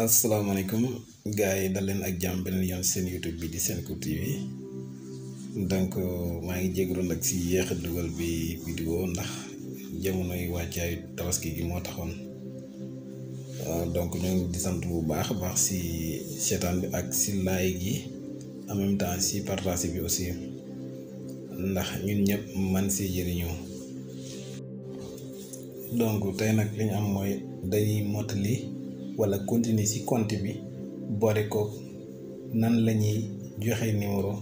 assalamualaikum gars dalen dal leen ak jam benen yon sen YouTube bi di ko TV donc ma ngi jégalu nak ci yéex dugal bi vidéo ndax yi wàccaayu tawaski gi mo taxone euh, donc ñu ngi di sant bu baax baax si setan bi ak ci lay gi en même temps ci partage bi aussi ndax ñun ñep man ci jëriñoo donc tay nak liñ am moy dañuy motali wala continuer ci conte bi boole ko nan la ñuy joxe numéro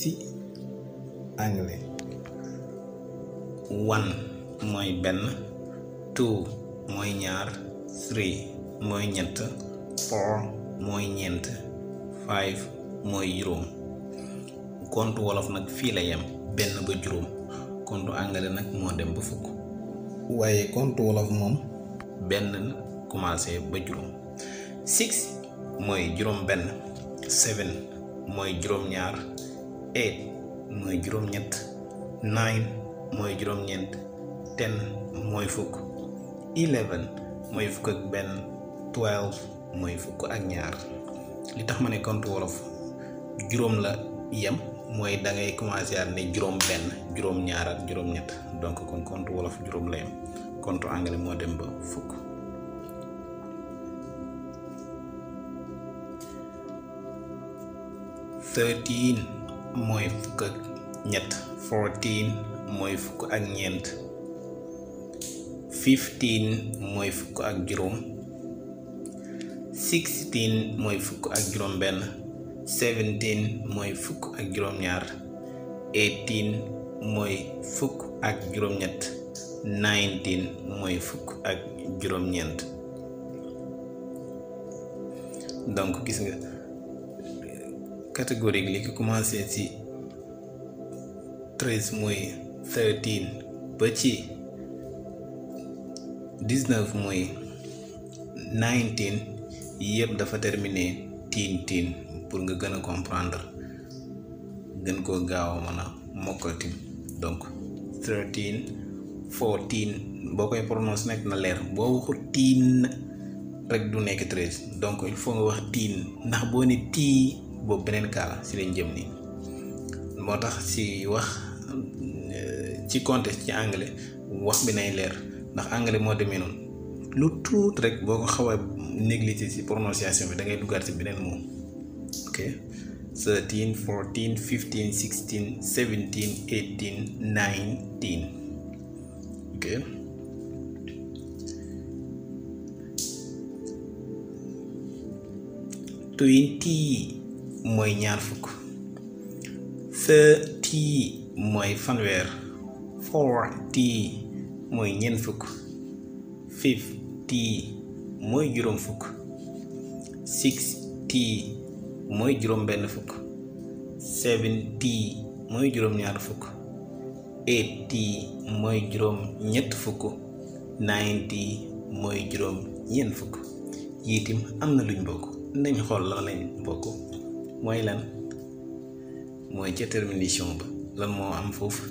ci anglais one mooy benn two mooy ñaar three mooy ñett four mooy ñeent five mooy juróom compte wolof nag fii la yem benn ba juróom compte anglais nag moo dem ba fukk waaye compte wolof moom benn commencé ba juróom six moy juróom ben seven moy juróom ñaar eight moy juróom ñet nine moy juróom ñent ten moy fuk eleven moy fuk ak ben twelve moy fuk ak ñaar li tax mané ne compte wolof juróom la yam moy da ngay commencé at ne juróom ben juróom ñaar ak juróom ñet donc kon compte wolof juróom la yam compte anglais mo dem ba fuk thirteen mooy fukk ak ñett fourteen mooy fukk ak ñeent fifteen mooy fukk ak juróom sixteen mooy fukk ak juróom benn seventeen mooy fukk ak juróom ñaar eighteen mooy fukk ak juróom ñett nineteen mooy fukk ak juróom ñeent donc gis nga catégorique li ki commencé ci treize mooy thirteen ba ci dix-neuf mooy nineteen yëpp dafa terminé tiin tiin pour nga gën a comprendre gën koo gaaw a mën a mokkati donc thirteen fourteen boo koy prononce nekk na leer boo waxu tiin rek du nekk treize donc il faut nga wax tiin ndax boo ne tii boobu beneen kaa la si lañ jëm ni moo tax si wax euh, ci contexte ci anglais wax bi nay leer ndax anglais moo demee noonu lu tuut rek boo ko xaw a négliger si prononciation bi da ngay dugaat si beneen moom ok 13 14 15 16 17 18 19 twenty mooy ñaar fukk thirty mooy fanweer forty mooy ñeent fukk fifty mooy juróom fukk sixty mooy juróom benn fukk seventy mooy juróom ñaar fukk eighty mooy juróom ñett fukk ninety mooy juróom ñeent fukk yiitim am na luñ bokk nañ xool lan lañ bokk mooy lan mooy ca termination ba lan moo am foofu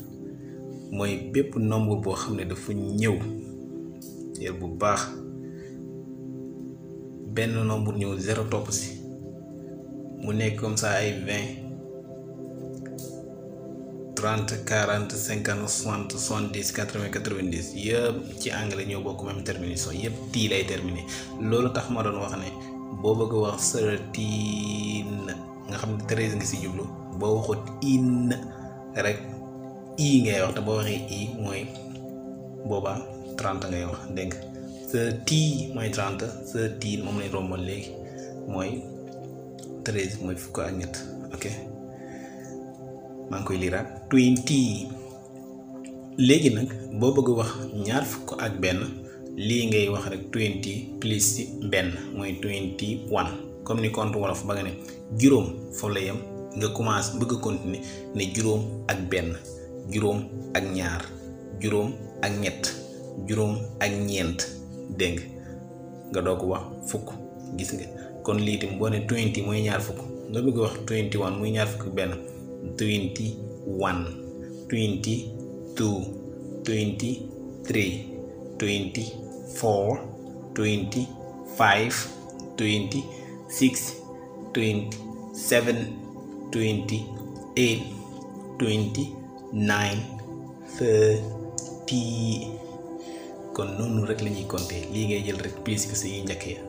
mooy bépp nombre boo xam ne dafa ñëw yër bu baax benn nombre ñëw zéro topp si mu nekk comme ça ay vingt trente quarante cinquante soixante soixante dix yëpp ci anglais ñoo bokk même terminaison yëpp tii lay terminé loolu tax ma doon wax ne boo bëgg wax sëratiina nga xam ne treize nga si jublu boo waxut in rek i ngay wax te boo waxee i mooy boobaa trente ngay wax dégg sa tii mooy trente sa tii moom lañ romboon léegi mooy treize mooy fukk ak ñett ok maa ngi koy liiraat twenty léegi nag boo bëgg wax ñaar fukk ak benn lii ngay wax rek twenty plus benn mooy comme ni compte wolof ba nga ne juróom foofu la nga commence bëgg a continuer ne juróom ak benn juróom ak ñaar juróom ak ñett juróom ak ñeent dégg nga doo ko wax fukk gis nga kon lii tam boo ne twenty mooy ñaar fukk nga bëgg wax twenty one muy ñaar fukk benn twenty one twenty two twenty three twenty four twenty five twenty six, twenty seven, twenty eight, twenty nine, thirty kon noonu rek la ñuy compter lii ngay jël rek plus que suñuy njëkk ya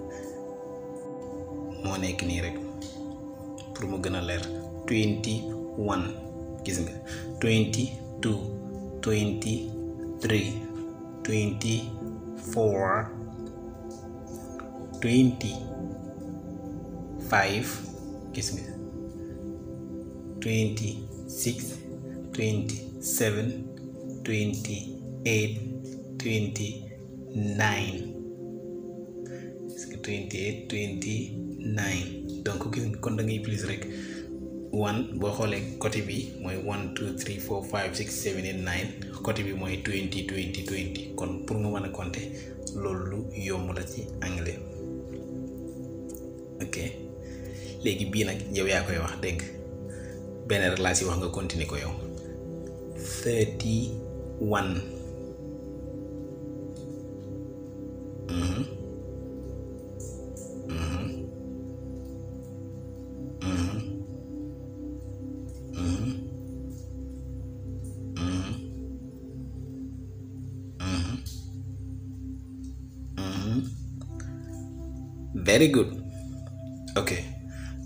moo nekk nii rek pour mu gën a leer twenty one gis nga twenty two twenty three twenty four twenty five gis nga twenty six twenty seven twenty eight twenty nine gis nga twenty eight twenty nine donc gis kon da ngay plus rek one boo xoolee côté bi mooy one two three four five six seven nine côté bi mooy twenty twenty twenty kon pour mu mën a compter loolu lu yomb la ci anglais léegi bii nag yow yaa koy wax dégg benn rek laa si wax nga continuer ko yow thirty one very good okay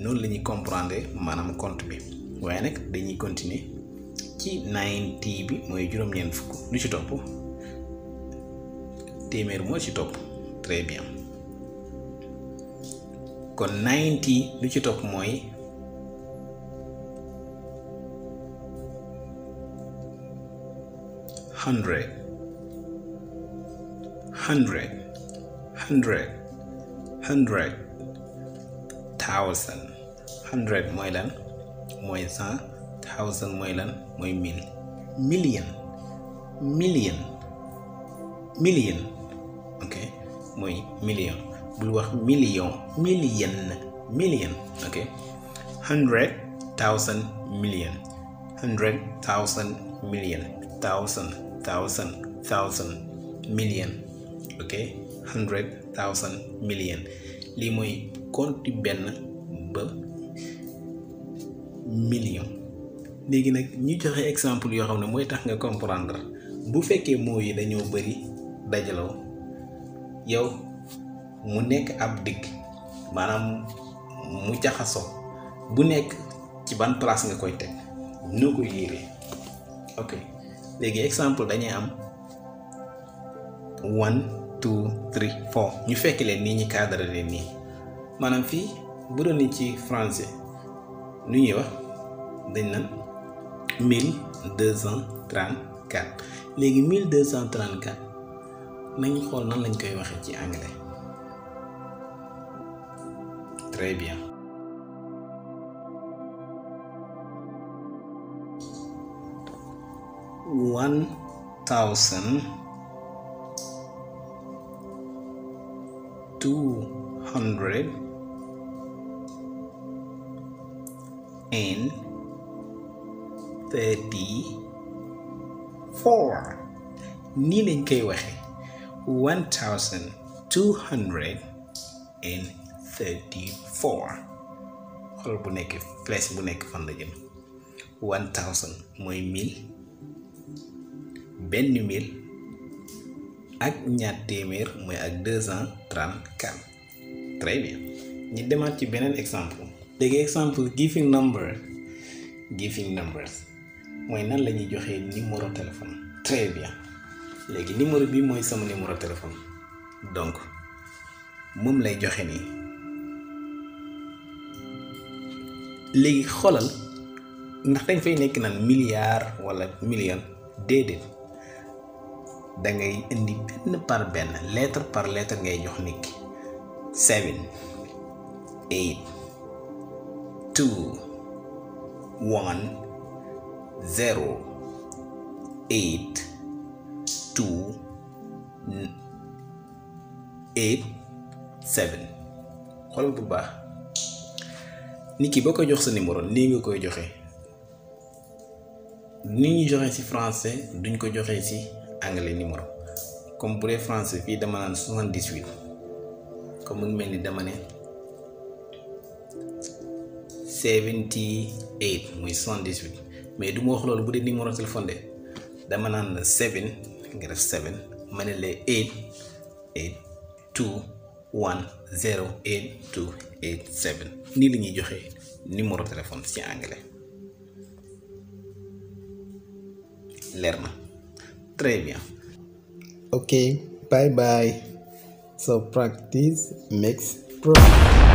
noonu la ñuy comprendre maanaam compte bi waaye nag dañuy continuer ci 90 bi mooy juróom-ñeent fukk lu ci topp téeméer moo ci topp très bien kon 90 lu ci topp mooy hundred hundred hundred hundred thousand hundred mooy lan mooy cent thousand mooy lan mooy mille million million million ok mooy million bul wax million million million ok hundred thousand million hundred thousand million ok hundred thousand million lii mooy compte benn ba million léegi nag ñu joxe exemple yoo xam ne mooy tax nga comprendre bu fekkee moo yi dañoo bëri dajaloo yow mu nekk ab digg maanaam mu jaxasoo bu nekk ci ban place nga koy teg noo koy liiree ok léegi exemple dañuy am one two three four ñu fekk leen nii ñu cadre leen nii maanaam fii bu doon ni ci français nu ñuy wax. dañ one thousand two hundred thirty-four. mille one thousand two hundred thirty-four. nañ nan lañ koy ci anglais très bien one thousand two hundred and thirty-four nii lañ koy waxee one thousand two hundred and thirty bu nekk place bu nekk fan la jëm one thousand mooy mille benn mil ak ñaar téeméer mooy ak deux demaat ci beneen exemple léegi exemple giving number giving numbers je nan la ñuy joxee numéro téléphone très bien léegi numéro bi mooy sama numéro téléphone donc moom lay joxe nii léegi xoolal ndax dañ fay nekk nan milliard wala million déedéet da ngay indi par benn lettre par lettre ngay jox nit seven eight two one 0 8 2 8 7 xoolal bu baax nit jox sa numéro ni nga koy joxe ni ñuy joxe ci français duñ ko joxe ci anglais numéro comme bu dee français fii dama 78 comme mu mel ni dama 78 78 mais du ma wax loolu bu dee numéro téléphone de dama naan la seven nga def seven ma ne eight eight two one zero eight two eight seven nii la ñuy joxe numéro téléphone ci anglais leer na très bien. ok bye bye so practice makes progress.